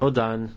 u dan